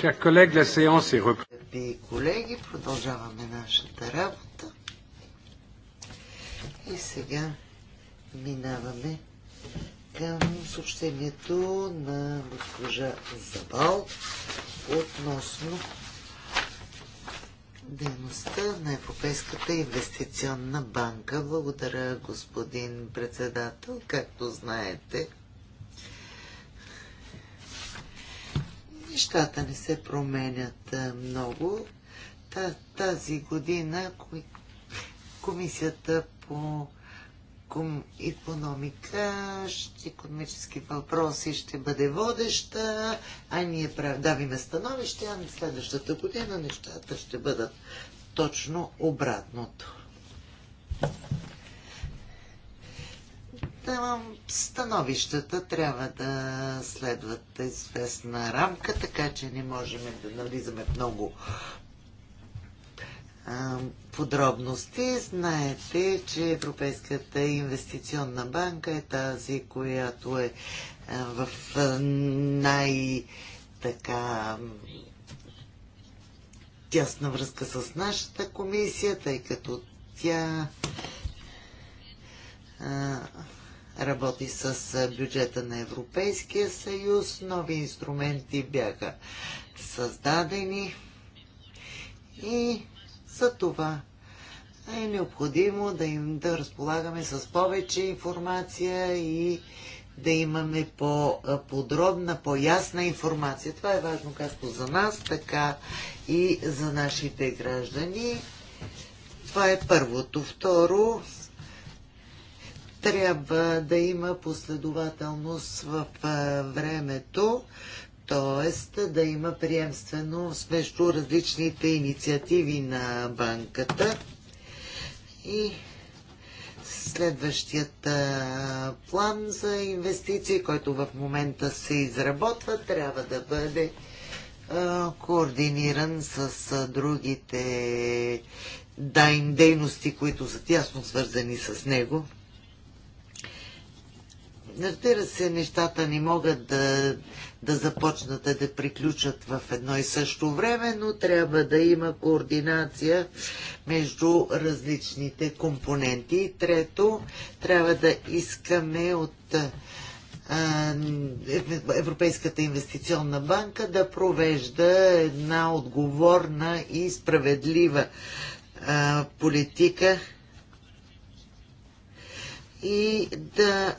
Chers la séance est reprise. Колеги, продължаваме нашата работа. И сега минаваме към съобщението на госпожа Забал относно дейността на Европейската инвестиционна банка. Благодаря, господин председател. Както знаете, нещата не се променят много. Тази година комисията по економика, економически въпроси ще бъде водеща, а ние давиме становище, а на следващата година нещата ще бъдат точно обратното становищата трябва да следват известна рамка, така че не можем да навлизаме в много подробности. Знаете, че Европейската инвестиционна банка е тази, която е в най- така тясна връзка с нашата комисия, тъй като тя работи с бюджета на Европейския съюз. Нови инструменти бяха създадени и за това е необходимо да им да разполагаме с повече информация и да имаме по-подробна, по-ясна информация. Това е важно както за нас, така и за нашите граждани. Това е първото. Второ, трябва да има последователност в времето, т.е. да има приемственост между различните инициативи на банката. И следващият план за инвестиции, който в момента се изработва, трябва да бъде координиран с другите дейности, които са тясно свързани с него. Разбира се, нещата не могат да, да започнат да, приключат в едно и също време, но трябва да има координация между различните компоненти. И трето, трябва да искаме от а, Европейската инвестиционна банка да провежда една отговорна и справедлива а, политика и да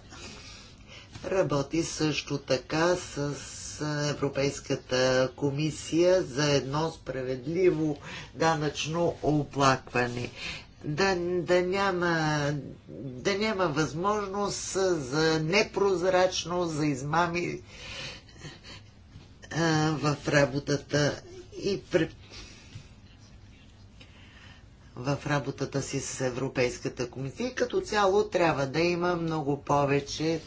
Работи също така с Европейската комисия за едно справедливо данъчно оплакване. Да, да, няма, да няма възможност за непрозрачност, за измами а, в работата и при в работата си с Европейската комисия. Като цяло трябва да има много повече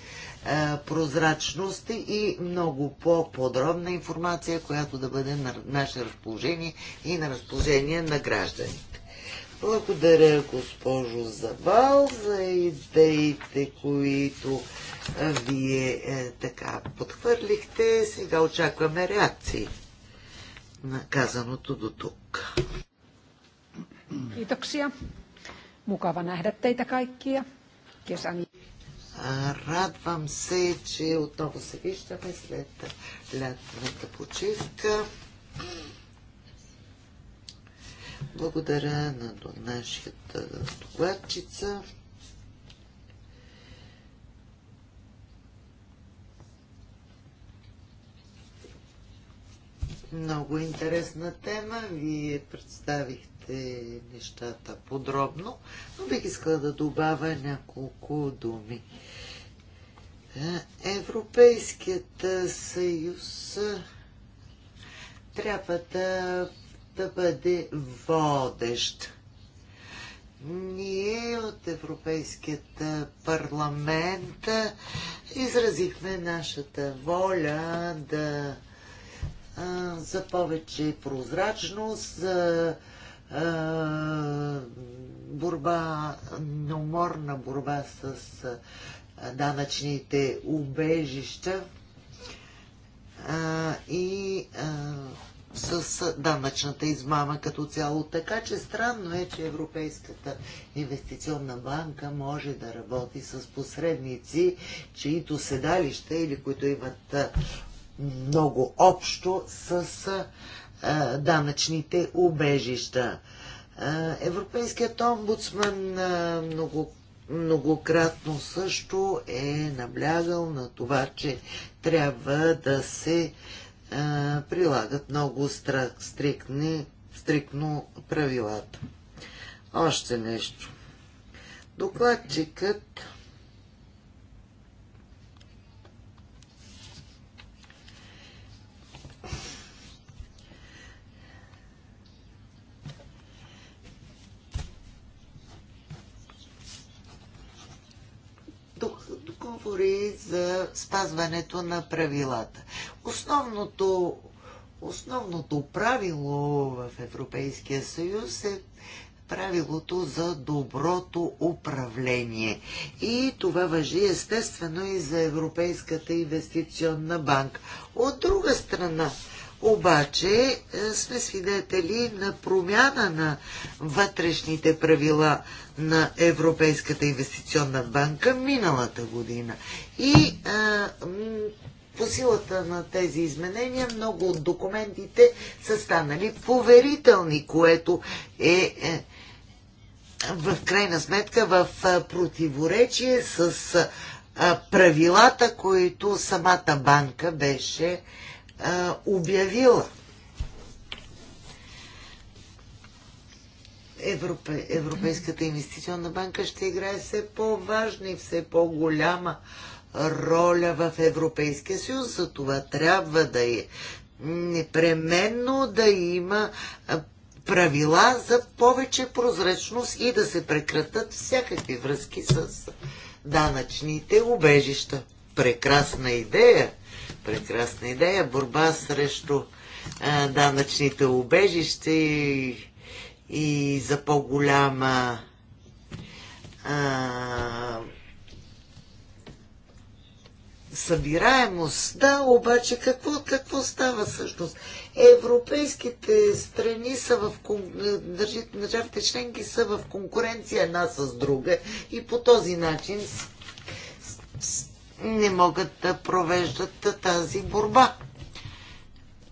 е, прозрачност и много по-подробна информация, която да бъде на наше разположение и на разположение на гражданите. Благодаря, госпожо Забал, за идеите, които е, вие е, така подхвърлихте. Сега очакваме реакции на казаното до тук. Kiitoksia. Mukava nähdä teitä kaikkia. Kesän... Радвам се, че отново се виждаме след лятната почивка. Благодаря на нашата докладчица. Много интересна тема. Вие представихте разгледате нещата подробно, но бих искала да добавя няколко думи. Е, Европейският съюз е, трябва да, да бъде водещ. Ние от Европейският парламент изразихме нашата воля да е, за повече прозрачност, за е, борба, неуморна борба с е, данъчните убежища е, и с данъчната измама като цяло. Така че странно е, че Европейската инвестиционна банка може да работи с посредници, чието седалища или които имат много общо с данъчните убежища. Европейският омбудсман много, многократно също е наблягал на това, че трябва да се прилагат много стрикни, стрикно правилата. Още нещо. Докладчикът говори за спазването на правилата. Основното, основното правило в Европейския съюз е правилото за доброто управление. И това въжи естествено и за Европейската инвестиционна банка. От друга страна, обаче е, сме свидетели на промяна на вътрешните правила на Европейската инвестиционна банка миналата година. И а, е, по силата на тези изменения много от документите са станали поверителни, което е, е в крайна сметка в е, противоречие с правилата, които самата банка беше а, обявила. Европе, Европейската инвестиционна банка ще играе все по-важна и все по-голяма роля в Европейския съюз. За това трябва да е непременно да има правила за повече прозрачност и да се прекратат всякакви връзки с данъчните убежища. Прекрасна идея прекрасна идея. Борба срещу а, данъчните убежища и, и за по-голяма събираемост. Да, обаче какво, какво става всъщност? Европейските страни са в държавите членки са в конкуренция една с друга и по този начин не могат да провеждат тази борба.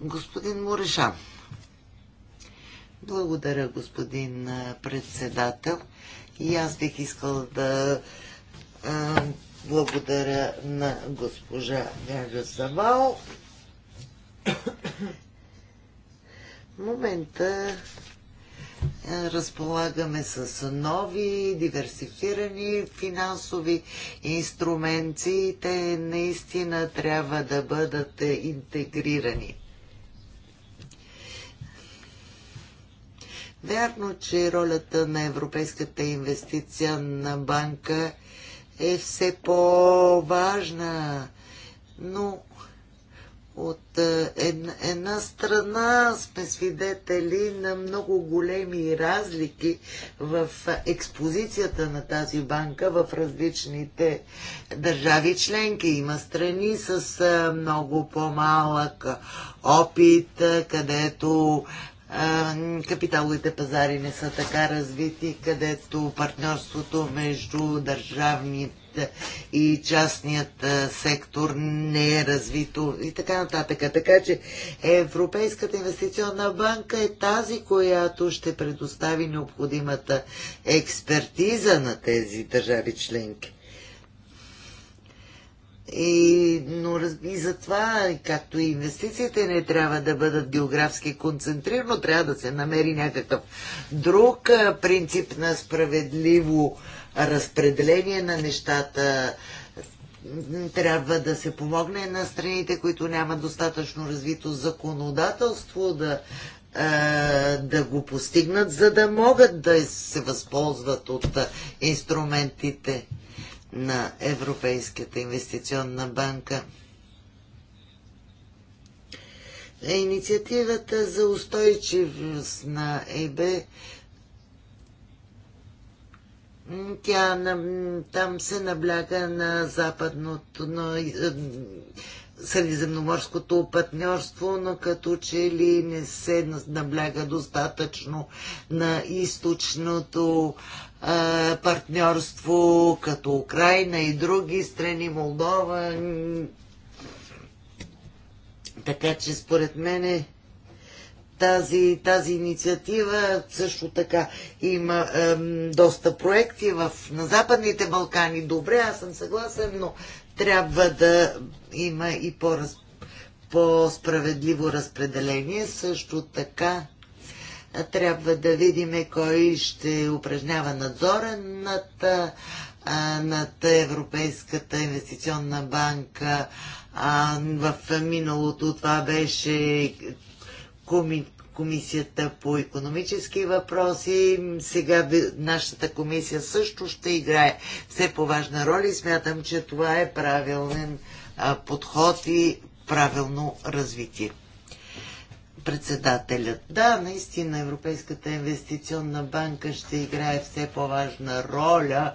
Господин Морешан. Благодаря, господин председател. И аз бих искал да а, благодаря на госпожа Галя Савал. момента е, разполагаме с нови, диверсифирани финансови инструменти. Те наистина трябва да бъдат е, интегрирани. Вярно, че ролята на Европейската инвестиционна банка е все по-важна, но от е, една страна сме свидетели на много големи разлики в експозицията на тази банка в различните държави членки. Има страни с е, много по-малък опит, където капиталовите пазари не са така развити, където партньорството между държавните и частният сектор не е развито и така нататък. Така че Европейската инвестиционна банка е тази, която ще предостави необходимата експертиза на тези държави членки. Е, и, но и затова, както и инвестициите не трябва да бъдат географски концентрирано, трябва да се намери някакъв друг принцип на справедливо разпределение на нещата. Трябва да се помогне на страните, които нямат достатъчно развито законодателство, да, да го постигнат, за да могат да се възползват от инструментите на Европейската инвестиционна банка. Е, инициативата за устойчивост на ЕБ тя там се набляга на западното, но средиземноморското партньорство, но като че ли не се набляга достатъчно на източното партньорство, като Украина и други страни, Молдова. Така че според е, тази, тази инициатива също така има е, доста проекти в, на Западните Балкани. Добре, аз съм съгласен, но трябва да има и по-раз, по-справедливо разпределение. Също така трябва да видим кой ще упражнява надзора над, над Европейската инвестиционна банка. А, в миналото това беше Комисията по економически въпроси. Сега нашата комисия също ще играе все по-важна роля и смятам, че това е правилен подход и правилно развитие. Председателят. Да, наистина Европейската инвестиционна банка ще играе все по-важна роля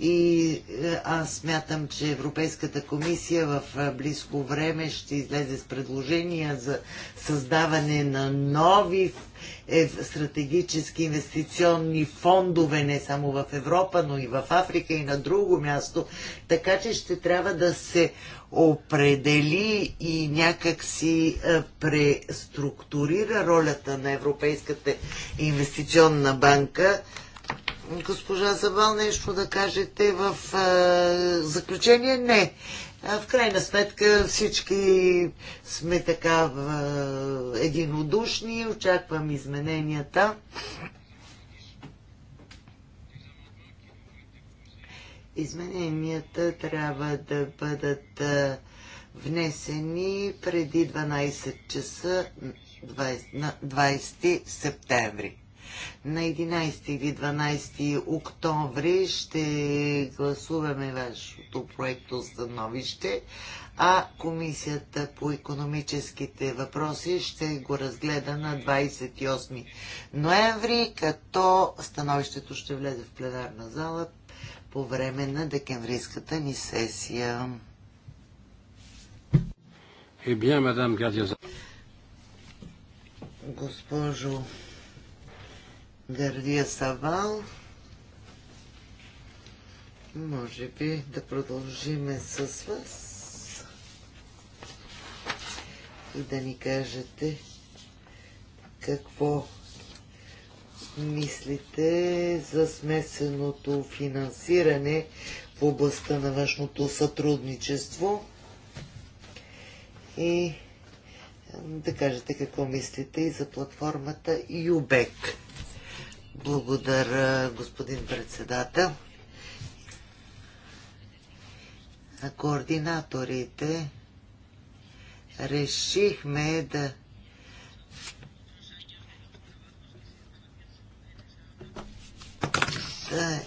и е, аз смятам, че Европейската комисия в е, близко време ще излезе с предложения за създаване на нови е, стратегически инвестиционни фондове, не само в Европа, но и в Африка и на друго място. Така че ще трябва да се определи и някак си преструктурира ролята на Европейската инвестиционна банка госпожа Завал, нещо да кажете в заключение? Не. В крайна сметка всички сме така единодушни, очаквам измененията. Измененията трябва да бъдат внесени преди 12 часа 20, на 20 септември. На 11 или 12 октомври ще гласуваме вашето проекто становище, а Комисията по економическите въпроси ще го разгледа на 28 ноември, като становището ще влезе в пленарна зала по време на декемврийската ни сесия. Е, bien, мадам Гадиоза. Госпожо Дървия Савал. Може би да продължиме с вас и да ни кажете какво мислите за смесеното финансиране в областта на външното сътрудничество и да кажете какво мислите и за платформата ЮБЕК. Благодаря, господин председател. Координаторите решихме да да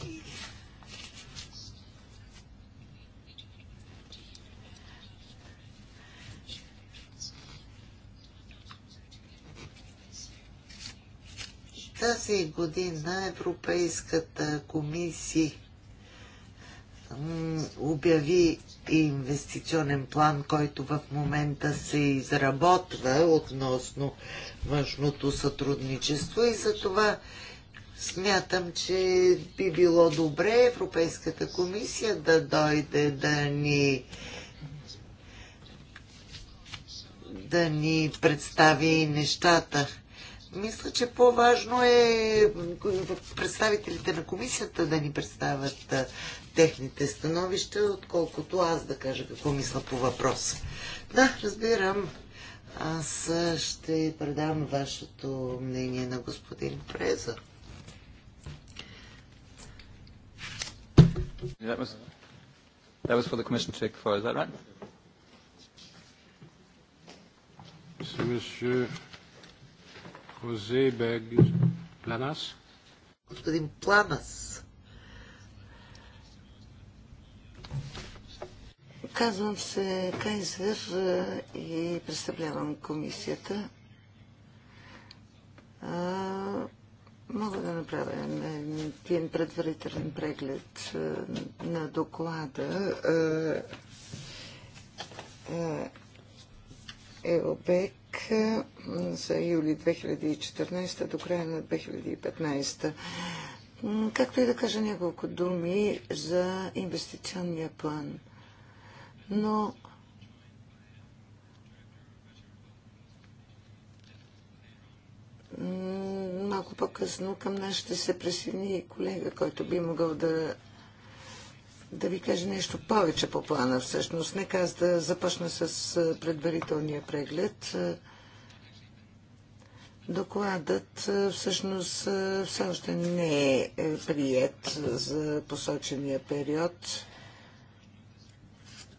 Тази година Европейската комисия обяви инвестиционен план, който в момента се изработва относно външното сътрудничество и за това смятам, че би било добре Европейската комисия да дойде да ни да ни представи нещата мисля, че по-важно е представителите на комисията да ни представят техните становища, отколкото аз да кажа какво мисля по въпроса. Да, разбирам. Аз ще предам вашето мнение на господин Преза. That was, that was for the commission to take for, is that right? Monsieur Хозе Планас. Господин Планас. Казвам се Кайзер и представлявам комисията. А, мога да направя един предварителен преглед на доклада. Еобек за юли 2014 до края на 2015. Както и да кажа няколко думи за инвестиционния план. Но малко по-късно към нас ще се присъедини колега, който би могъл да да ви кажа нещо повече по плана всъщност. Нека аз да започна с предварителния преглед. Докладът всъщност все още не е, е прият за посочения период.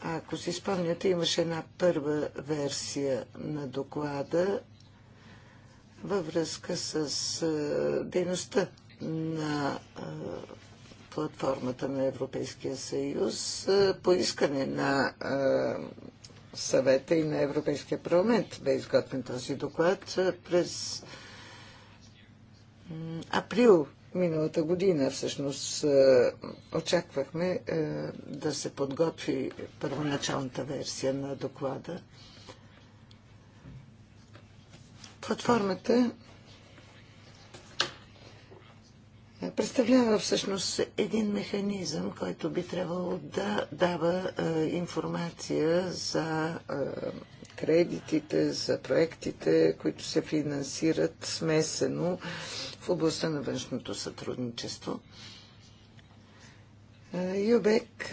Ако си спомняте, имаше една първа версия на доклада във връзка с дейността на платформата на Европейския съюз е, по искане на е, съвета и на Европейския парламент бе изготвен този доклад е, през април миналата година. Всъщност очаквахме да се подготви първоначалната версия на доклада. Платформата представлява всъщност един механизъм, който би трябвало да дава е, информация за е, кредитите, за проектите, които се финансират смесено в областта на външното сътрудничество. Е, Юбек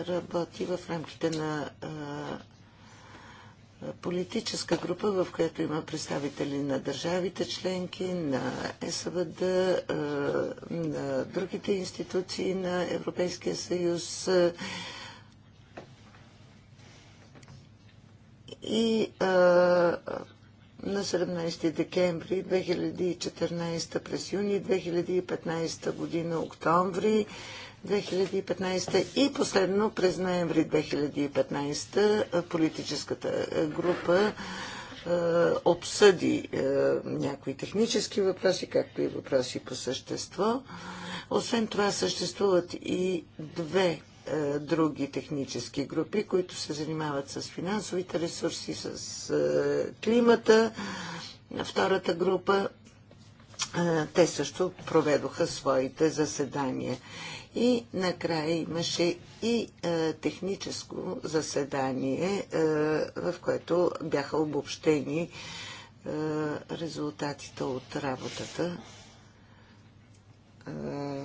работи в рамките на политическа група, в която има представители на държавите членки, на СВД, е, на другите институции на Европейския съюз. И а, е, на 17 декември 2014 през юни 2015 година, октомври 2015 и последно през ноември 2015 политическата група обсъди някои технически въпроси, както и въпроси по същество. Освен това съществуват и две други технически групи, които се занимават с финансовите ресурси, с климата. Втората група те също проведоха своите заседания. И накрая имаше и е, техническо заседание, е, в което бяха обобщени е, резултатите от работата. Е,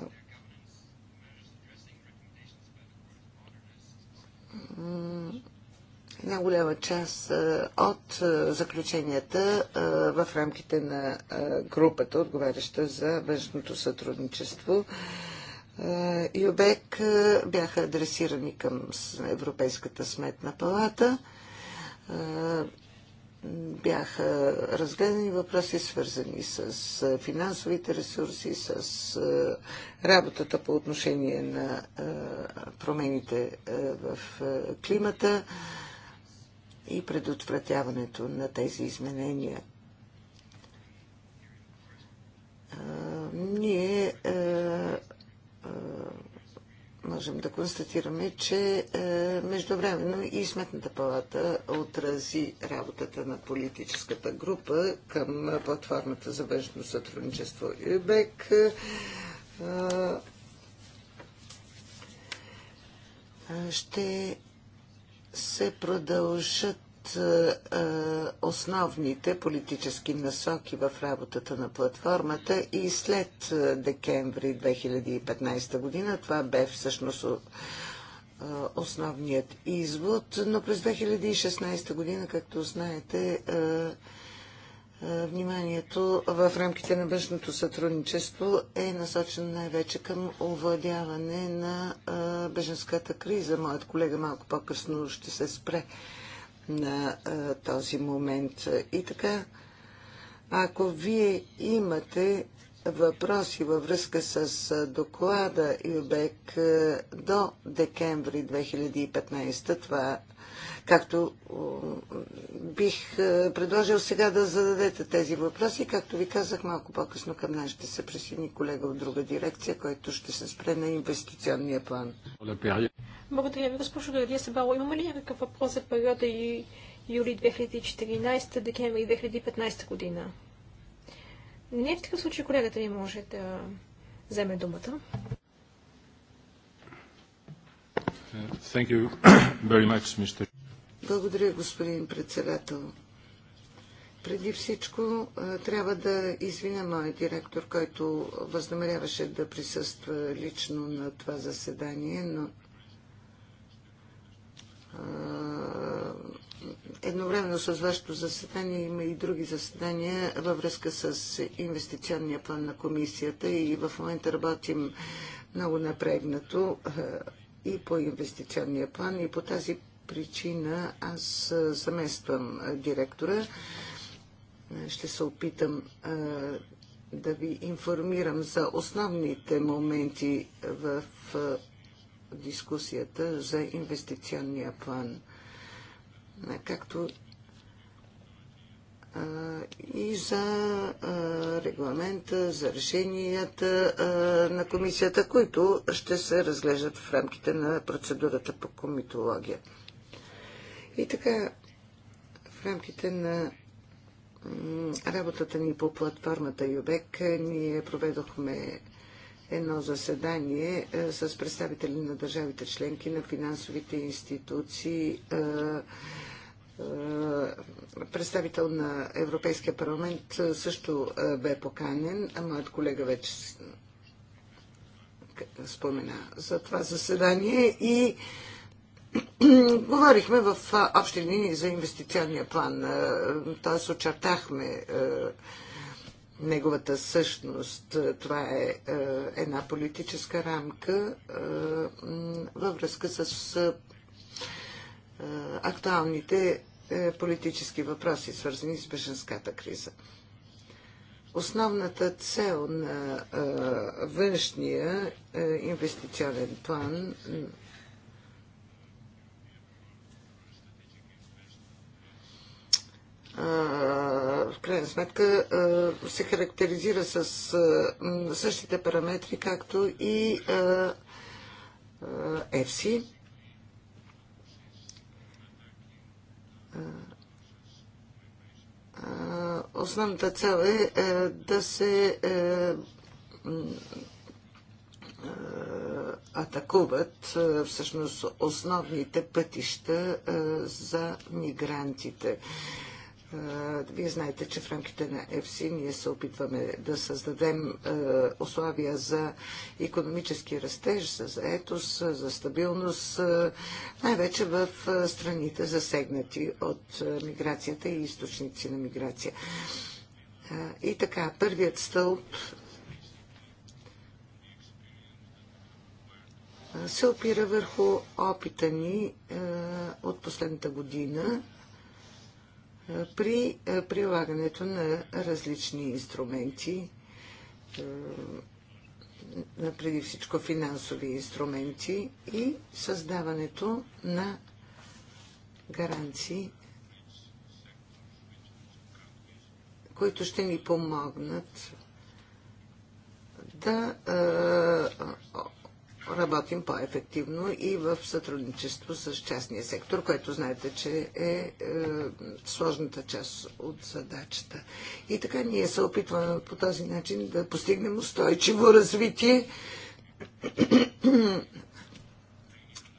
една голяма част е, от е, заключенията е, в рамките на групата, отговаряща за външното сътрудничество, е, Юбек е, бяха адресирани към Европейската сметна палата. Е, бяха разгледани въпроси, свързани с финансовите ресурси, с работата по отношение на промените в климата и предотвратяването на тези изменения. Ние можем да констатираме, че е, междувременно и Сметната палата отрази работата на политическата група към платформата за външно сътрудничество ЮБЕК. Е, е, ще се продължат от е, е, основните политически насоки в работата на платформата и след е, декември 2015 година. Това бе всъщност основният извод, но през 2016 година, както знаете, вниманието в рамките на външното сътрудничество е насочено най-вече към овладяване на беженската криза. Моят колега малко по-късно ще се спре на този момент. И така, ако вие имате въпроси във връзка с доклада ЮБЕК до декември 2015. Това, както бих предложил сега да зададете тези въпроси, както ви казах малко по-късно към нас ще се присъедини колега от друга дирекция, който ще се спре на инвестиционния план. Благодаря ви, госпожо Градия Себало. Имаме ли някакъв въпрос за периода и юли 2014, декември 2015 година? Не, в такъв случай колегата ви може да вземе думата. Thank you very much, Mr. Благодаря, господин председател. Преди всичко трябва да извиня моят директор, който възнамеряваше да присъства лично на това заседание, но едновременно с вашето заседание има и други заседания във връзка с инвестиционния план на комисията и в момента работим много напрегнато е, и по инвестиционния план и по тази причина аз е, замествам е, директора. Ще се опитам да ви информирам за основните моменти в дискусията за инвестиционния план. Е, както и за регламента, за решенията на комисията, които ще се разглеждат в рамките на процедурата по комитология. И така, в рамките на работата ни по платформата Юбек, ние проведохме едно заседание е, с представители на държавите членки, на финансовите институции, е, е, представител на Европейския парламент също бе поканен, а моят колега вече спомена за това заседание и говорихме в общи линии за инвестиционния план, т.е. очертахме неговата същност. Е, това е, е една политическа рамка е, във връзка с актуалните политически въпроси, свързани с беженската криза. Основната цел на външния инвестиционен план в крайна сметка се характеризира с същите параметри, както и FC. Основната цел е, е да се е, атакуват всъщност основните пътища за мигрантите. Вие знаете, че в рамките на ЕФСИ ние се опитваме да създадем условия за економически растеж, за заетост, за стабилност, най-вече в страните засегнати от миграцията и източници на миграция. И така, първият стълб се опира върху опита ни от последната година при е, прилагането на различни инструменти, е, преди всичко финансови инструменти и създаването на гаранции, които ще ни помогнат да е, работим по-ефективно и в сътрудничество с частния сектор, което знаете, че е, е сложната част от задачата. И така ние се опитваме по този начин да постигнем устойчиво развитие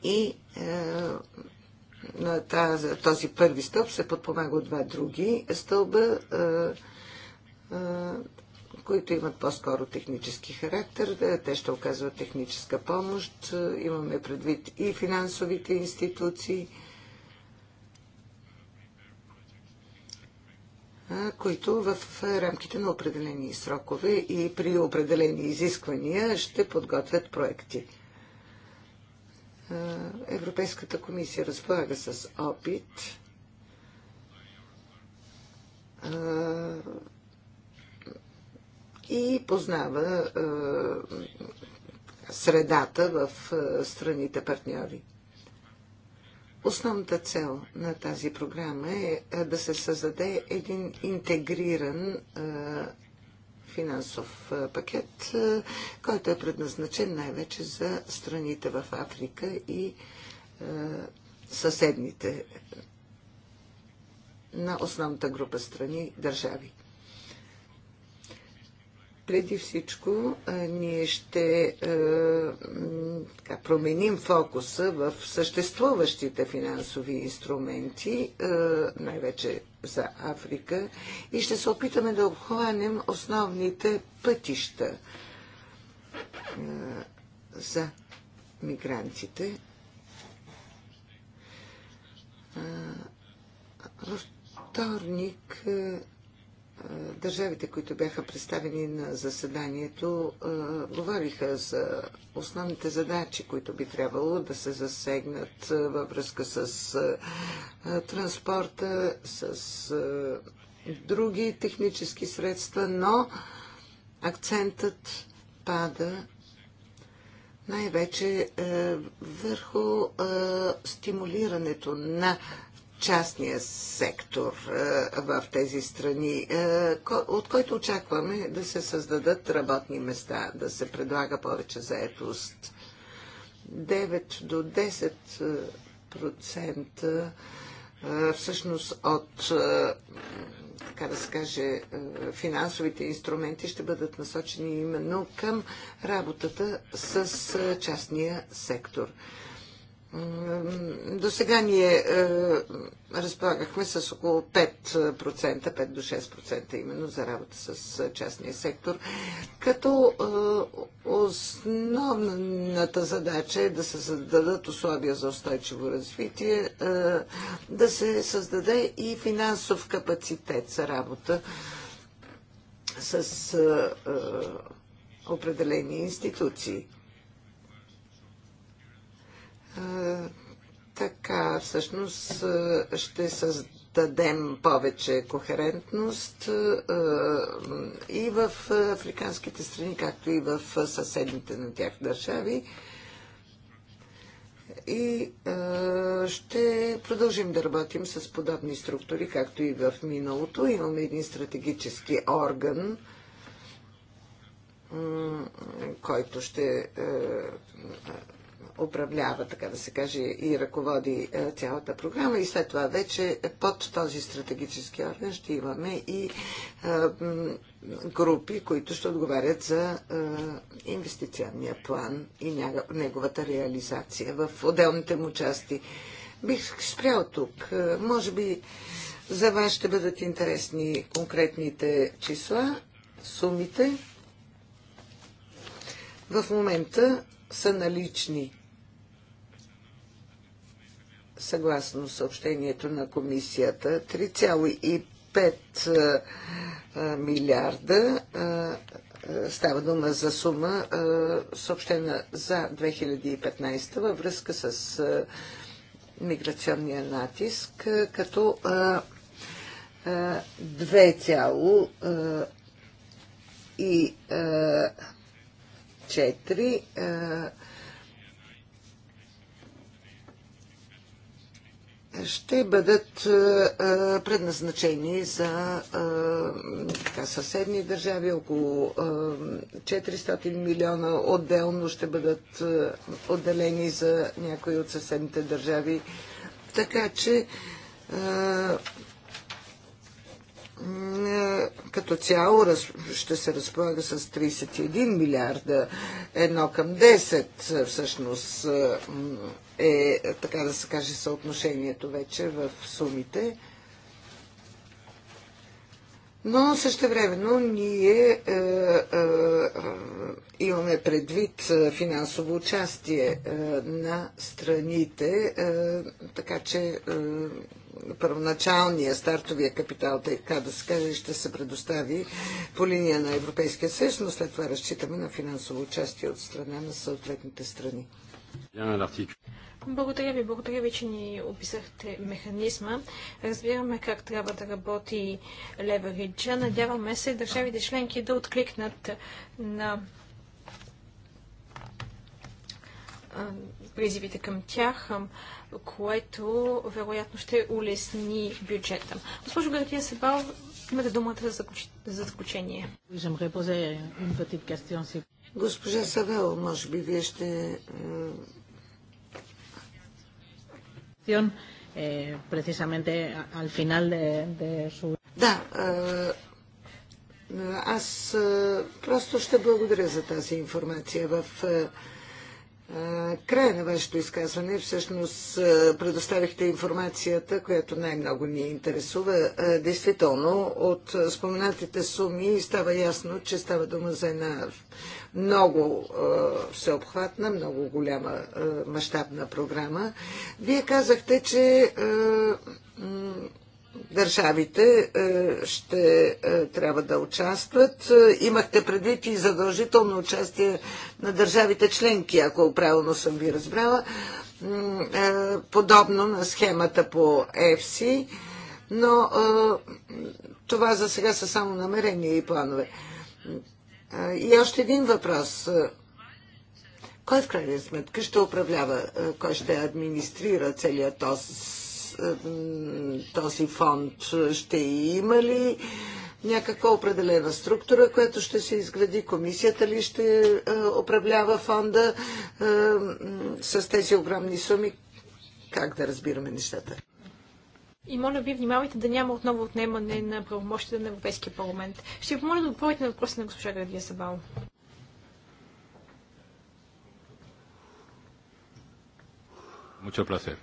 и е, на тази, този първи стълб се подпомага от два други стълба. Е, е които имат по-скоро технически характер. Е, те ще оказват техническа помощ. Е, имаме предвид и финансовите институции, е, които в рамките на определени срокове и при определени изисквания ще подготвят проекти. Европейската комисия разполага с опит и познава е, средата в е, страните партньори. Основната цел на тази програма е, е да се създаде един интегриран финансов пакет, който е предназначен най-вече за страните в Африка и съседните на основната група страни държави преди всичко ние ще е, така, променим фокуса в съществуващите финансови инструменти, е, най-вече за Африка, и ще се опитаме да обхванем основните пътища е, за мигрантите. Във вторник държавите, които бяха представени на заседанието, говориха за основните задачи, които би трябвало да се засегнат във връзка с транспорта, с други технически средства, но акцентът пада най-вече върху стимулирането на частния сектор е, в тези страни, е, от който очакваме да се създадат работни места, да се предлага повече заетост. 9 до 10 е, процента всъщност от така да се каже, финансовите инструменти ще бъдат насочени именно към работата с частния сектор. До сега ние е, разполагахме с около 5%, 5 до 6% именно за работа с е, частния сектор, като е, основната задача е да се създадат условия за устойчиво развитие, да се създаде и финансов капацитет за работа с определени институции. Е, така, всъщност е, ще създадем повече кохерентност е, и в африканските страни, както и в съседните на тях държави. И ще продължим да работим с подобни структури, както и в миналото. Имаме един стратегически орган, който ще управлява, така да се каже, и ръководи е, цялата програма и след това вече под този стратегически орган ще имаме и е, групи, които ще отговарят за е, инвестиционния план и неговата реализация в отделните му части. Бих спрял тук. Може би за вас ще бъдат интересни конкретните числа, сумите. В момента са налични съгласно съобщението на комисията, 3,5 милиарда става дума за сума, съобщена за 2015 във връзка с миграционния натиск, като 2,4 ще бъдат е, е, предназначени за е, така, съседни държави. Около 400 милиона отделно ще бъдат отделени за някои от съседните държави. Така че е, като цяло ще се разполага с 31 милиарда, едно към 10 е, всъщност е, е, така да се каже, съотношението вече в сумите. Но същевременно ние е, е, имаме предвид финансово участие е, на страните, е, така че е, първоначалния стартовия капитал, така да се каже, ще се предостави по линия на Европейския съюз, но след това разчитаме на финансово участие от страна на съответните страни. Благодаря ви, благодаря ви, че ни описахте механизма. Разбираме как трябва да работи левериджа. Надяваме се държавите членки да откликнат на призивите към тях което вероятно ще улесни бюджета. Госпожо Гартия Себал, имате думата за, заключение. Госпожа Савел, може би вие ще е, е, precisamente al final de, de su. Да, е, аз просто ще благодаря за тази информация. В края на вашето изказване всъщност предоставихте информацията, която най-много ни интересува. Действително, от споменатите суми става ясно, че става дума за една много всеобхватна, много голяма мащабна програма. Вие казахте, че държавите е, ще е, трябва да участват. Е, имахте предвид и задължително участие на държавите членки, ако правилно съм ви разбрала, подобно на схемата по ЕФСИ, но това за сега са само намерения и планове. И още един въпрос. Кой в крайна сметка ще управлява, кой ще администрира целият този този фонд? Ще има ли някаква определена структура, която ще се изгради? Комисията ли ще е, управлява фонда е, с тези огромни суми? Как да разбираме нещата? И моля ви, внимавайте да няма отново отнемане на правомощите на Европейския парламент. Ще ви помоля да отговорите на въпроса на госпожа Градия Сабал. Мучо placer.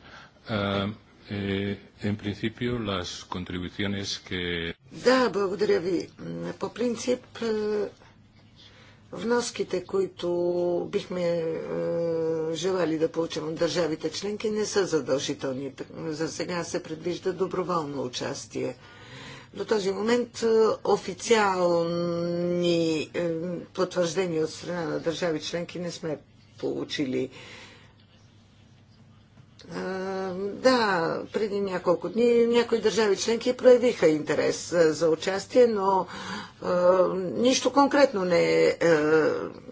Е, Eh, en principio, las contribuciones que... Да, благодаря ви. По принцип, е, вноските, които бихме е, желали да получим от държавите членки, не са задължителни. За сега се предвижда доброволно участие. До този момент е, официални е, потвърждения от страна на държави членки не сме получили. Е, да, преди няколко дни някои държави членки проявиха интерес за участие, но нищо конкретно не е,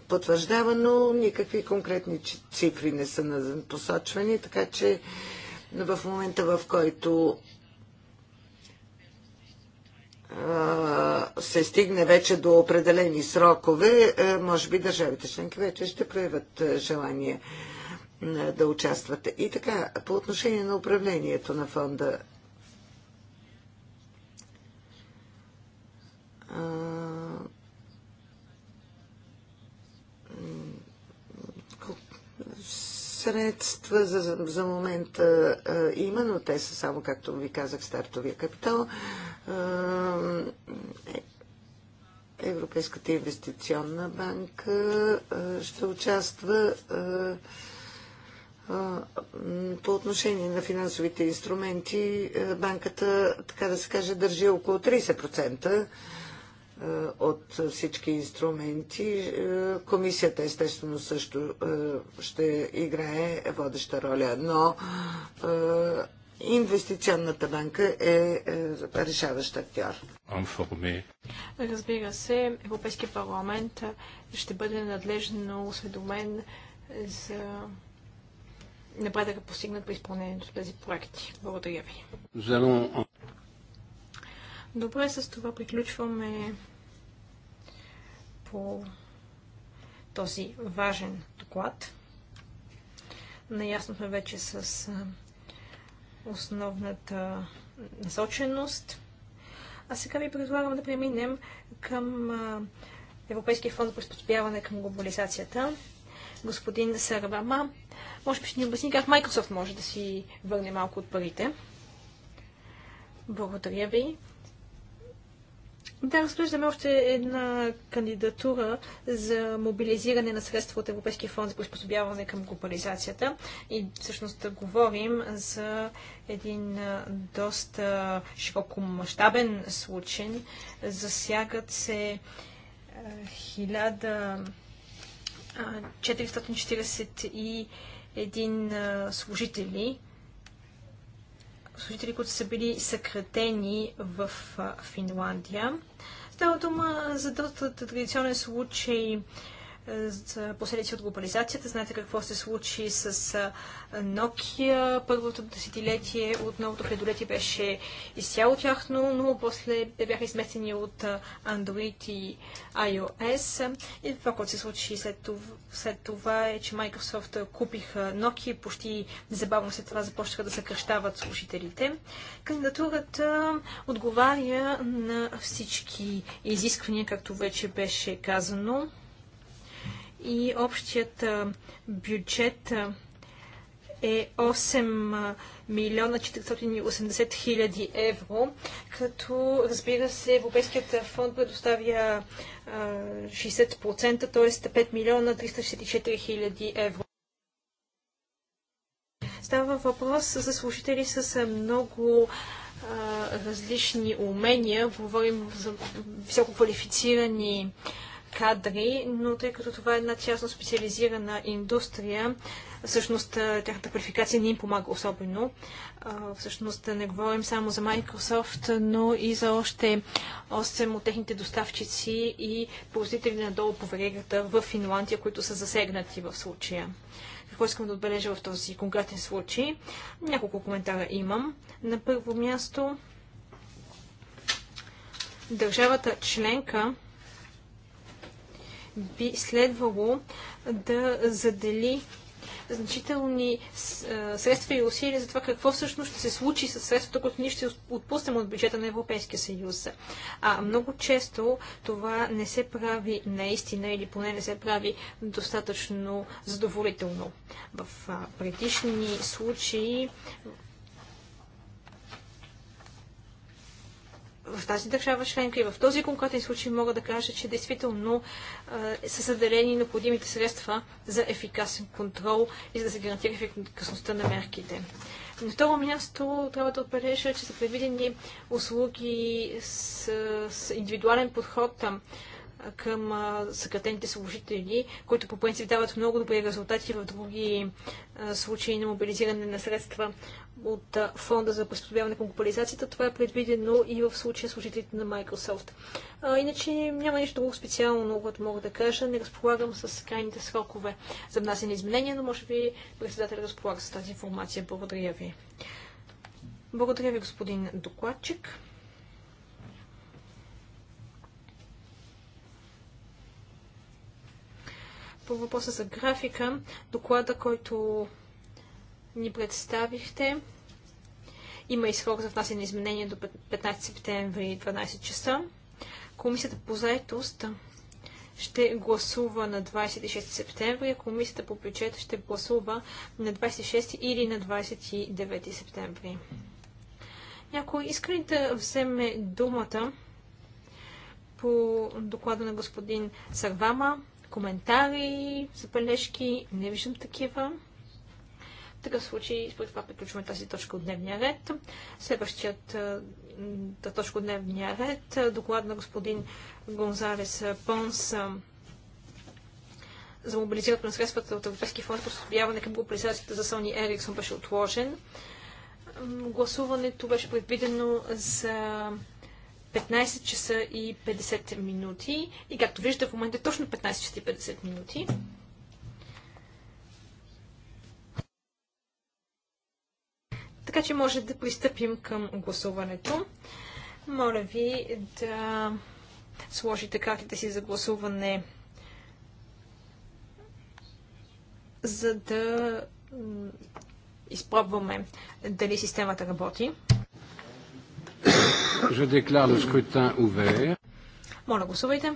потвърждавано, никакви конкретни цифри не са посочвани, така че в момента в който се стигне вече до определени срокове, може би държавите членки вече ще проявят желание. Е, да участвате. И така, по отношение на управлението на фонда, средства за, за момента има, но те са само, както ви казах, стартовия капитал. Е, Европейската инвестиционна банка ще участва по отношение на финансовите инструменти, е, банката, така да се каже, държи около 30% е, от всички инструменти. Е, комисията естествено също ще играе водеща роля, но инвестиционната банка е решаващ актьор. Разбира се, Европейския парламент ще бъде надлежно осведомен за напредъка постигнат по изпълнението на тези проекти. Благодаря ви. Добре, с това приключваме по този важен доклад. Наясно сме вече с основната насоченост. А сега ви предлагам да преминем към Европейския фонд за приспособяване към глобализацията господин Сарабама. Може би ще ни обясни как Microsoft може да си върне малко от парите. Благодаря ви. Да, разглеждаме още една кандидатура за мобилизиране на средства от Европейския фонд за приспособяване към глобализацията. И всъщност да говорим за един доста широко мащабен случай. Засягат се хиляда 1000 441 служители, служители, които са били съкратени в Финландия. Става дума за доста традиционен случай за последици от глобализацията. Знаете какво се случи с Nokia. Първото десетилетие от новото хилядолетие беше изцяло тяхно, но после те бяха изместени от Android и iOS. И това, което се случи след това, след това е, че Microsoft купиха Nokia и почти незабавно след това започнаха да съкръщават служителите. Кандидатурата отговаря на всички изисквания, както вече беше казано и общият бюджет е 8 милиона 480 хиляди евро, като разбира се Европейският фонд предоставя 60%, т.е. 5 милиона 364 хиляди евро. Става въпрос за служители с много различни умения. Говорим за високо квалифицирани кадри, но тъй като това е една частно специализирана индустрия, всъщност тяхната квалификация не им помага особено. Всъщност не говорим само за Microsoft, но и за още 8 от техните доставчици и ползители надолу по веригата в Финландия, които са засегнати в случая. Какво искам да отбележа в този конкретен случай? Няколко коментара имам. На първо място, държавата членка би следвало да задели значителни средства и усилия за това какво всъщност ще се случи с средствата, които ние ще отпуснем от бюджета на Европейския съюз. А много често това не се прави наистина или поне не се прави достатъчно задоволително. В предишни случаи в тази държава членка и в този конкретен случай мога да кажа, че действително са заделени необходимите средства за ефикасен контрол и за да се гарантира ефикасността на мерките. На второ място трябва да отбележа, че са предвидени услуги с, с индивидуален подход към съкратените служители, които по принцип дават много добри резултати в други случаи на мобилизиране на средства от фонда за приспособяване към глобализацията. Това е предвидено и в случая служителите на Microsoft. иначе няма нищо друго специално, което мога да кажа. Не разполагам с крайните срокове за внасяне изменения, но може би председател разполага с тази информация. Благодаря ви. Благодаря ви, господин докладчик. По въпроса за графика, доклада, който ни представихте, има и срок за внасяне на изменения до 15 септември 12 часа. Комисията по заетост ще гласува на 26 септември, а комисията по бюджет ще гласува на 26 или на 29 септември. Някой иска ли да вземе думата по доклада на господин Сарвама? коментари, забележки? Не виждам такива. В такъв случай, според това, приключваме тази точка от дневния ред. Следващият е, точка от дневния ред, е, доклад на господин Гонзалес Понс е, за мобилизирането на средствата от Европейски фонд по състояване към глобализацията за Сони Ериксон беше отложен. Гласуването беше предвидено за 15 часа и 50 минути. И както виждате, в момента е точно 15 часа и 50 минути. Така че може да пристъпим към гласуването. Моля ви да сложите картите си за гласуване, за да изпробваме дали системата работи. Je déclare le scrutin ouvert. Моля, гласувайте.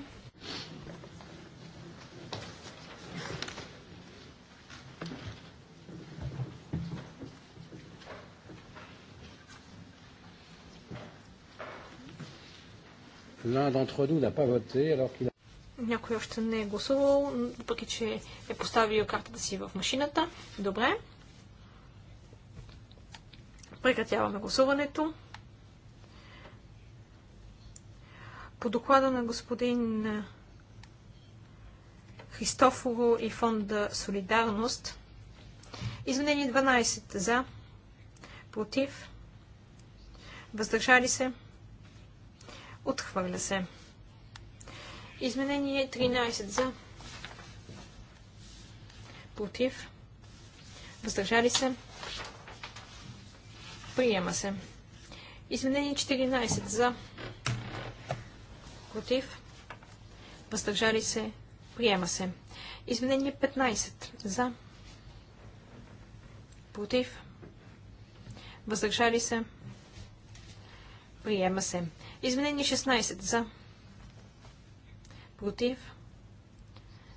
L'un d'entre nous n'a pas voté alors qu'il a... Някой още не е гласувал, въпреки че е поставил картата си в машината. Добре. Прекратяваме гласуването. по доклада на господин Христофово и фонда Солидарност. Изменени 12 за, против, въздържали се, отхвърля се. Изменение 13 за, против, въздържали се, приема се. Изменение 14 за, против, въздържали се, приема се. Изменение 15 за, против, въздържали се, приема се. Изменение 16 за, против,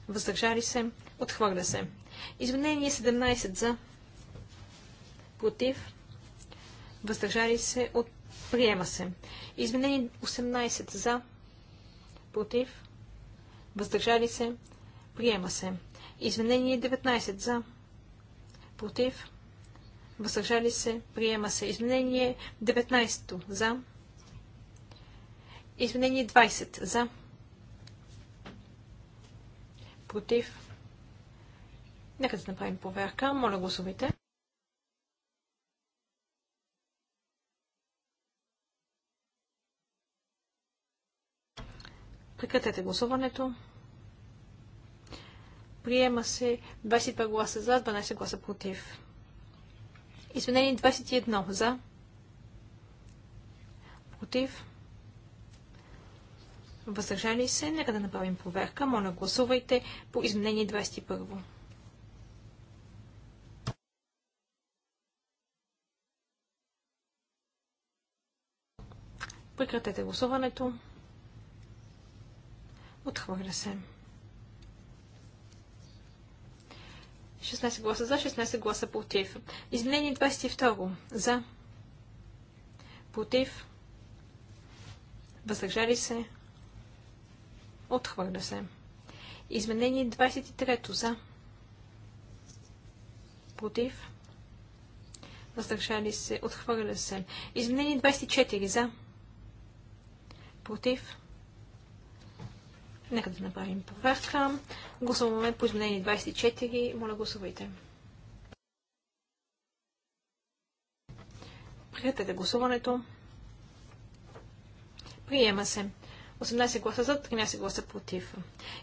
въздържали се, отхвърля се. Изменение 17 за, против, въздържали се, от... приема се. Изменение 18 за, против, въздържали се, приема се. Изменение 19 за, против, въздържали се, приема се. Изменение 19 за, изменение 20 за, против. Нека да направим проверка. Моля, гласувайте. Прекратете гласуването. Приема се 22 гласа за, 12 гласа против. Изменение 21 за. Против. Въздържали се, нека да направим проверка. Моля, гласувайте по изменение 21. Прекратете гласуването. Отхвърля се. 16 гласа за, 16 гласа против. Изменение 22. За. Против. Въздържали се. Отхвърля се. Изменение 23. За. Против. Въздържали се. Отхвърля се. Изменение 24. За. Против. Нека да направим проверка. Гласуваме по изменение 24. Моля, гласувайте. Прекратете гласуването. Приема се. 18 гласа за, 13 гласа против.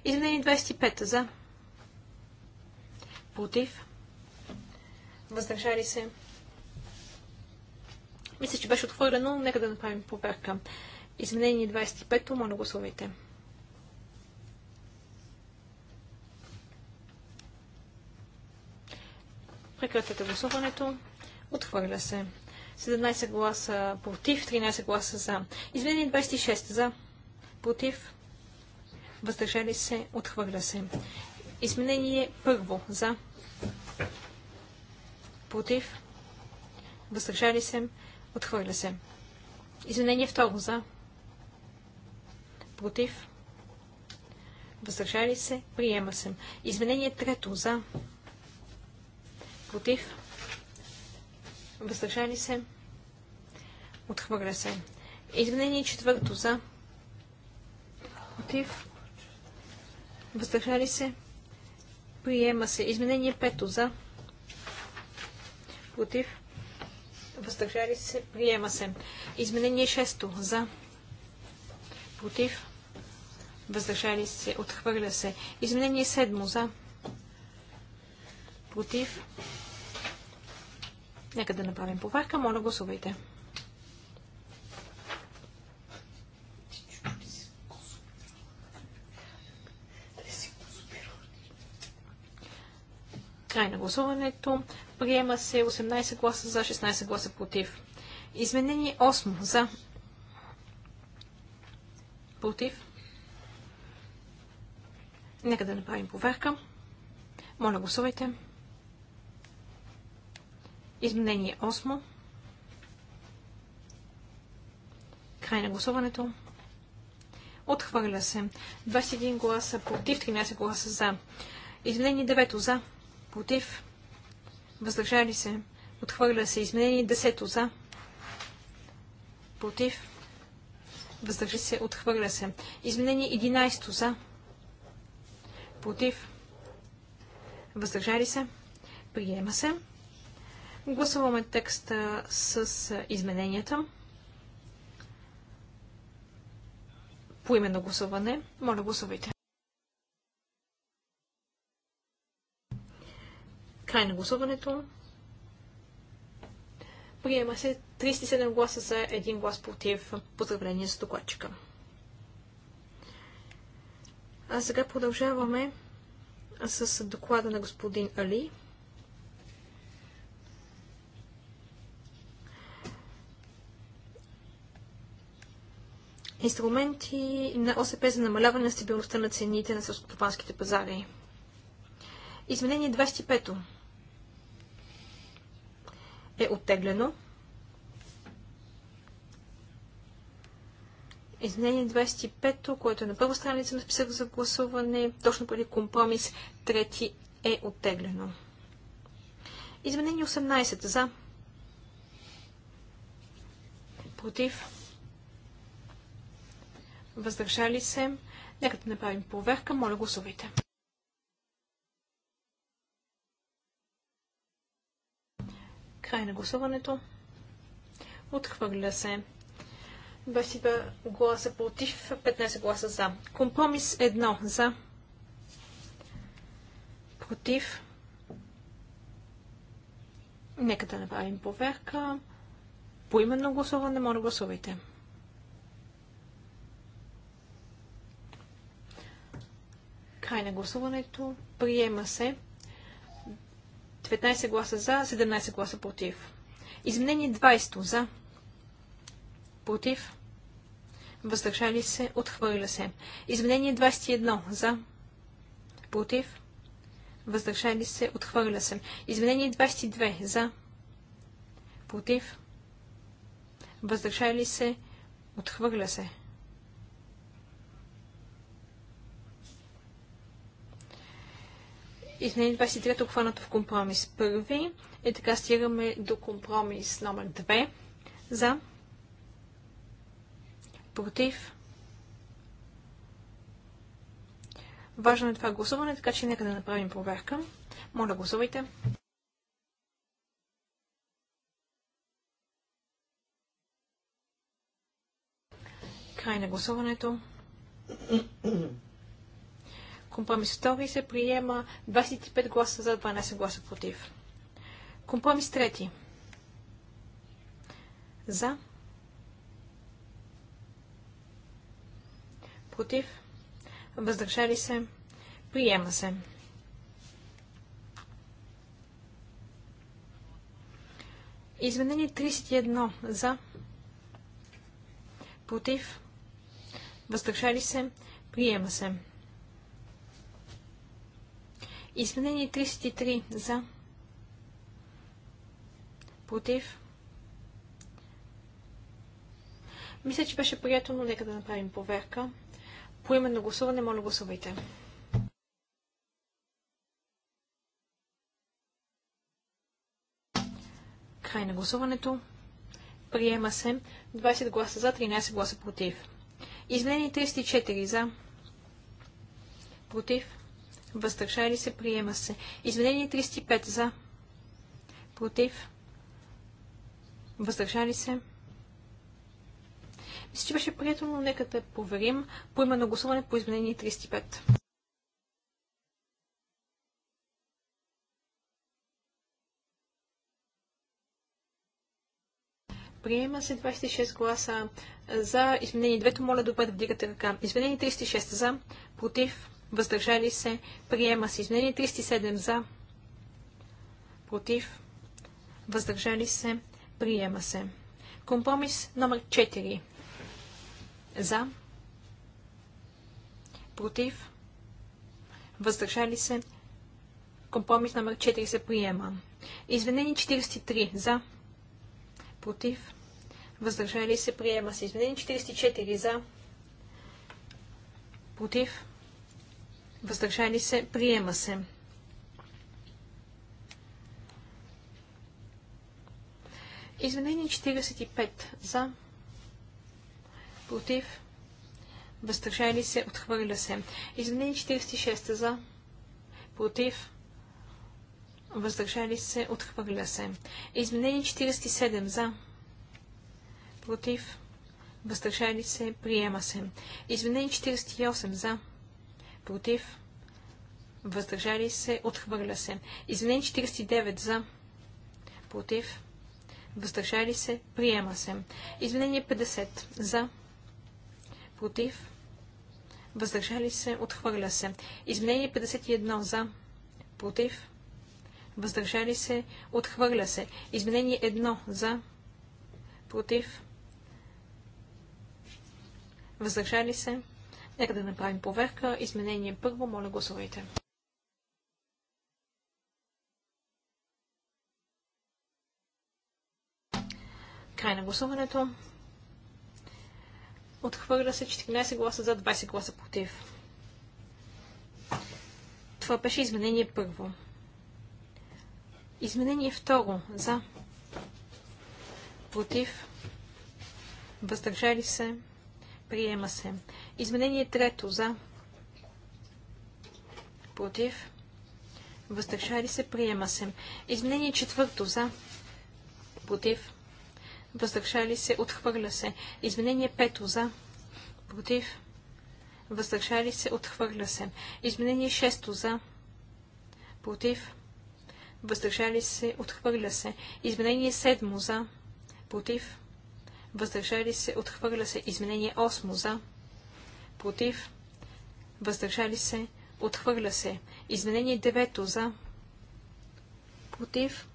Изменение 25 за. Против. Въздържали се. Мисля, че беше отворено. Нека да направим проверка. Изменение 25. Моля, гласувайте. Прекратете гласуването. Отхвърля се. 17 гласа против, 13 гласа за. Изменение 26 за. Против. Въздържали се. Отхвърля се. Изменение първо за. Против. Въздържали се. Отхвърля се. Изменение второ за. Против. Въздържали се. Приема се. Изменение трето за против, въздържали се, отхвърля се. Изменение четвърто за, против, въздържали се, приема се. Изменение пето за, против, въздържали се, приема се. Изменение 6 за, против, въздържали се, отхвърля се. Изменение 7 за, против, Нека да направим поварка. Моля, гласувайте. Край на гласуването. Приема се 18 гласа за, 16 гласа против. Изменение 8 за. Против. Нека да направим поверка. Моля, гласувайте. Изменение 8. Край на гласуването. Отхвърля се. 21 гласа против, 13 гласа за. Изменение 9 за. Против. Въздържали се. Отхвърля се. Изменение 10 за. Против. Въздържи се. Отхвърля се. Изменение 11 за. Против. Въздържали се. Приема се. Гласуваме текста с измененията. По на гласуване. Моля, гласувайте. Край на гласуването. Приема се 37 гласа за 1 глас против. Поздравление за докладчика. А сега продължаваме с доклада на господин Али. инструменти на ОСП за намаляване на стабилността на цените на сълскотопанските пазари. Изменение 25 е оттеглено. Изменение 25, което е на първа страница на списък за гласуване, точно преди компромис, трети е оттеглено. Изменение 18 за. Против въздържали се. Нека да направим проверка. Моля, гласувайте. Край на гласуването. Отхвърля се. 22 гласа против, 15 гласа за. Компромис 1 за. Против. Нека да направим проверка. По именно гласуване, моля гласувайте. Край на гласуването. Приема се. 19 гласа за, 17 гласа против. Изменение 20 за. Против. Въздържали се. Отхвърля се. Изменение 21 за. Против. Въздържали се. Отхвърля се. Изменение 22 за. Против. Въздържали се. Отхвърля се. Изменение 23 обхванато в компромис първи. И е, така стигаме до компромис номер 2. За. Против. Важно е това гласуване, така че нека да направим проверка. Моля, гласувайте. Край на гласуването. Компромис втори се приема 25 гласа за 12 гласа против. Компромис 3. За. Против. Въздържали се. Приема се. Изменение 31 за. Против. Въздържали се. Приема се. Изменение 33 за. Против. Мисля, че беше прието, но нека да направим проверка. По именно гласуване, моля гласувайте. Край на гласуването. Приема се 20 гласа за, 13 гласа против. Изменение 34 за. Против въздържали се, приема се. Изменение 35 за, против, въздържали се. Мисля, че беше прието, но нека да проверим по име на гласуване по изменение 35. Приема се 26 гласа за изменение 2. Моля добре да вдигате ръка. Изменение 36 за, против, въздържали се, приема се. Изменение 37 за, против, въздържали се, приема се. Компромис номер 4 за, против, въздържали се, компромис номер 4 се приема. Изменение 43 за, против, въздържали се, приема се. Изменение 44 за, против, въздържали се, приема се. Изменение 45 за, против, въздържали се, отхвърля се. Изменение 46 за, против, въздържали се, отхвърля се. Изменение 47 за, против, въздържали се, приема се. Изменение 48 за, против, въздържали се, отхвърля се. Изменение 49 за, против, въздържали се, приема се. Изменение 50 за, против, въздържали се, отхвърля се. Изменение 51 за, против, въздържали се, отхвърля се. Изменение 1 за, против, въздържали се, Нека да направим проверка. Изменение първо. Моля гласувайте. Край на гласуването. Отхвърля се 14 гласа за 20 гласа против. Това беше изменение първо. Изменение второ за против въздържали се приема се. Изменение трето за. Против. Въздържали се. Приема се. Изменение четвърто за. Против. Въздържали се. Отхвърля се. Изменение пето за. Против. Въздържали се. Отхвърля се. Изменение шесто за. Против. Въздържали се. Отхвърля се. Изменение седмо за. Против. Въздържали се. Отхвърля се. Изменение осмо за. Против против, въздържали се, отхвърля се. Изменение 9 за, против,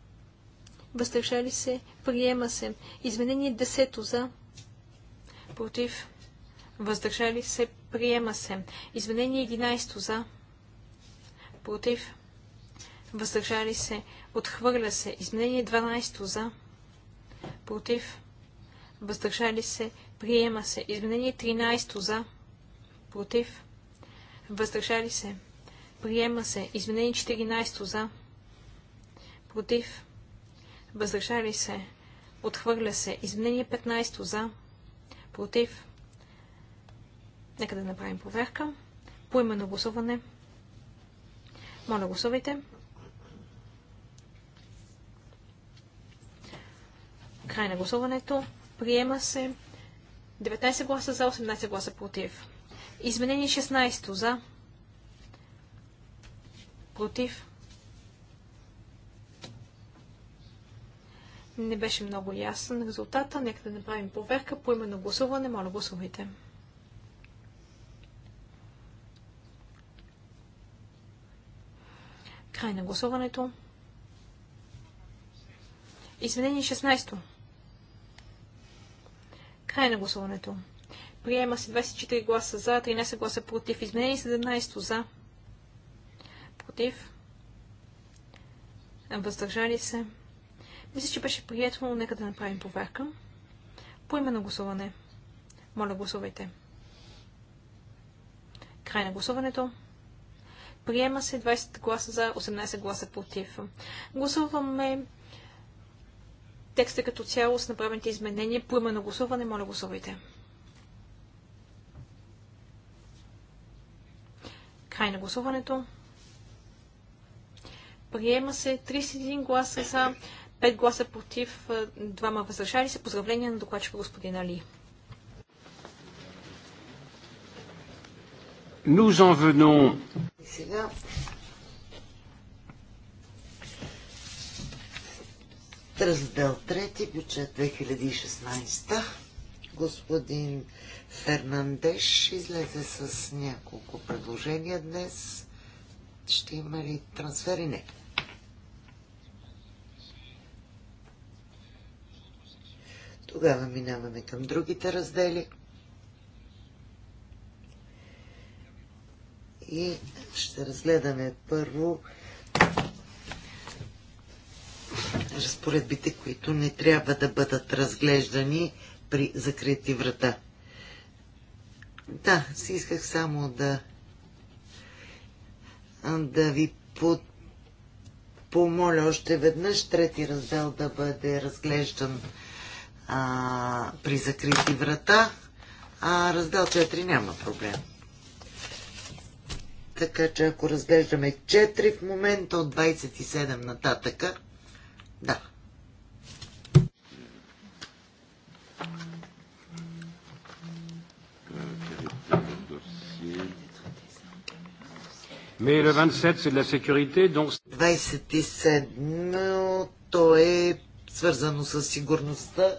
въздържали се, приема се. Изменение 10 за, против, въздържали се, приема се. Изменение 11 за, против, въздържали се, отхвърля се. Изменение 12 за, против, въздържали се, приема се. Изменение 13 за, против, против, въздържали се, приема се. Изменение 14 за, против, въздържали се, отхвърля се. Изменение 15 за, против. Нека да направим проверка. на гласуване. Моля, гласувайте. Край на гласуването. Приема се 19 гласа за, 18 гласа против. Изменение 16 за. Против. Не беше много ясен резултата. Нека да направим проверка по именно гласуване. Моля, гласувайте. Край на гласуването. Изменение 16. Край на гласуването. Приема се 24 гласа за, 13 гласа против. Изменени 17 за. Против. Въздържали се. Мисля, че беше приятно, но нека да направим проверка. По име на гласуване. Моля, гласувайте. Край на гласуването. Приема се 20 гласа за, 18 гласа против. Гласуваме текста като цяло с направените изменения. По име на гласуване, моля гласувайте. Край на гласуването. Приема се 31 гласа за, 5 гласа против, 2 възрешали се. Поздравление на докладчика господин Али. Nous en venons. Сега Раздел 3, бюджет 2016. Господин Фернандеш излезе с няколко предложения днес. Ще има ли трансфери? Не. Тогава минаваме към другите раздели. И ще разгледаме първо разпоредбите, които не трябва да бъдат разглеждани при закрити врата. Да, си исках само да да ви под помоля още веднъж трети раздел да бъде разглеждан а, при закрити врата, а раздел 4 няма проблем. Така че ако разглеждаме 4 в момента от 27 нататъка, да, Mais le 27, c'est de la sécurité, donc... 27, то е свързано с сигурността,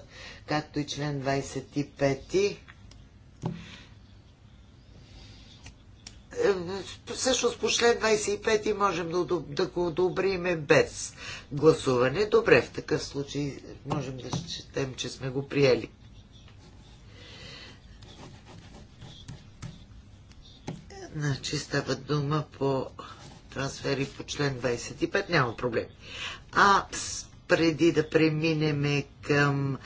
както и член 25. Е, всъщност по член 25 можем да, да го одобриме без гласуване. Добре, в такъв случай можем да четем, че сме го приели. Значи става дума по трансфери по член 25, няма проблем. А преди да преминеме към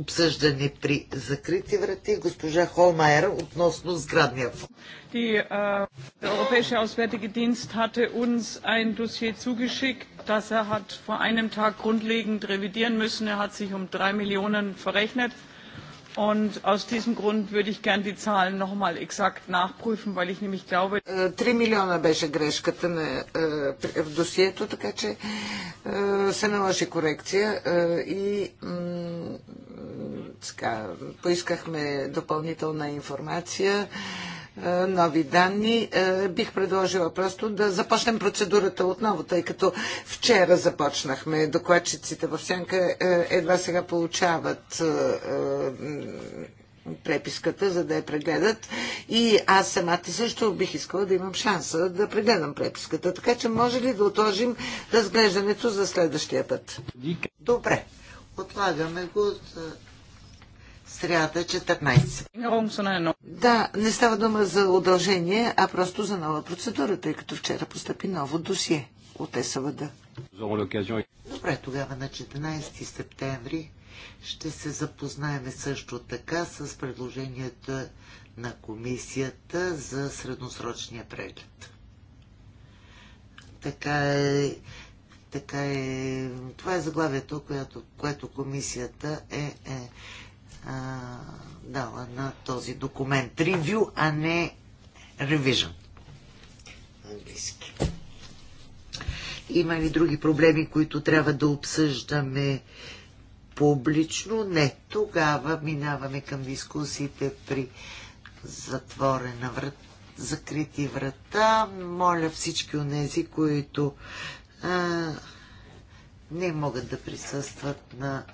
обсъждане при закрити врати, госпожа Холмайер относно сградния фонд. Die, äh, der Europäische Auswärtige Dienst hatte uns ein Dossier zugeschickt, das er hat vor einem Tag grundlegend revidieren müssen. Er hat sich um drei Millionen verrechnet. Äh, Und aus diesem Grund würde ich gerne die Zahlen noch mal exakt nachprüfen, weil ich nämlich glaube... 3 милиона беше грешката на, в досието, така че се наложи корекция и така, поискахме допълнителна информация. Е, нови данни. Е, бих предложила просто да започнем процедурата отново, тъй като вчера започнахме. Докладчиците в Сянка е, едва сега получават преписката, за да я прегледат. И аз самата също бих искала да имам шанса да прегледам преписката. Така че може ли да отложим разглеждането за следващия път? Добре. Отлагаме го за сряда 14. Да, не става дума за удължение, а просто за нова процедура, тъй като вчера постъпи ново досие от СВД. Добре, тогава на 14 септември ще се запознаем също така с предложенията на комисията за средносрочния преглед. Така е, така е, това е заглавието, което, което комисията е, е а, дала на този документ. ревю, а не revision. Английски. Има ли други проблеми, които трябва да обсъждаме публично? Не. Тогава минаваме към дискусиите при затворена врата закрити врата. Моля всички от тези, които а, не могат да присъстват на